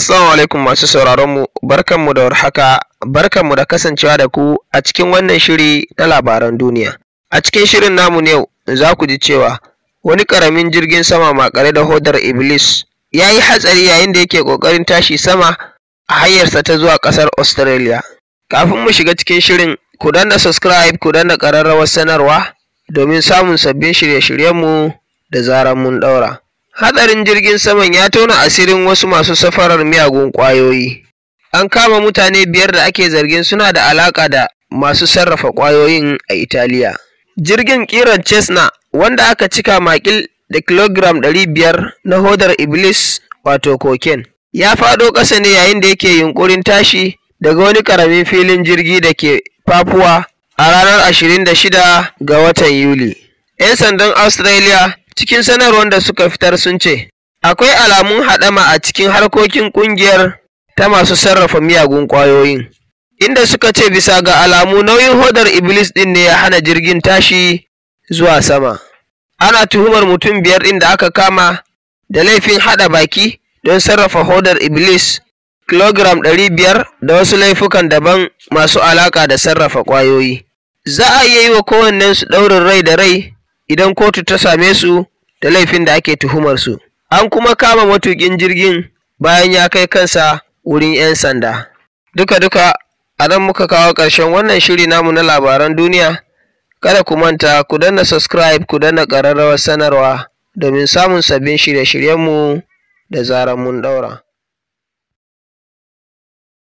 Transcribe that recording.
Assalamu alaikum masu sauraronmu, barkanmu da warhaka, barkanmu da kasancewa da ku a cikin wannan shiri na labaran duniya. A cikin shirin namu yau za ku ji cewa wani karamin jirgin sama makare da hodar Iblis ya yi hatsari yayin da yake ƙoƙarin tashi sama a hanyarsa ta zuwa ƙasar Australia. Kafin mu shiga cikin shirin, ku danna subscribe ku danna ƙararrawar sanarwa domin samun sabbin shirye-shiryenmu da zarar mun ɗaura. Hatsarin jirgin saman ya tona asirin wasu masu safarar miyagun ƙwayoyi. An kama mutane biyar da ake zargin suna da alaƙa da masu sarrafa ƙwayoyin a Italiya. Jirgin ƙiran Cessna, wanda aka cika makil da kilogram biyar na hodar Iblis wato cocaine, ya faɗo ƙasa ne yayin da yake yunƙurin tashi daga wani ƙaramin filin jirgi da ke Papua a ranar 26 ga watan Yuli. 'Yan sandan Australia cikin sanarwar da suka fitar sun ce, Akwai alamun haɗama a cikin harkokin ƙungiyar ta masu sarrafa miyagun ƙwayoyin, inda suka ce bisa ga alamu nauyin hodar Iblis ɗin ne ya hana jirgin tashi zuwa sama. Ana tuhumar mutum biyar ɗin da aka kama da laifin haɗa baki don sarrafa hodar Iblis, kilogram ɗari biyar da wasu laifukan daban masu alaƙa da sarrafa ƙwayoyi. Za a iya yi wa kowannensu ɗaurin rai da rai idan kotu ta same su da laifin da ake tuhumar su. An kuma kama matukin jirgin bayan ya kai kansa wurin 'yan sanda. Duka-duka a nan muka kawo ƙarshen wannan shiri namu na labaran duniya. Kada ku manta ku danna subscribe ku danna ƙararrawar sanarwa domin samun sabbin shirye-shiryenmu da zarar mun ɗaura.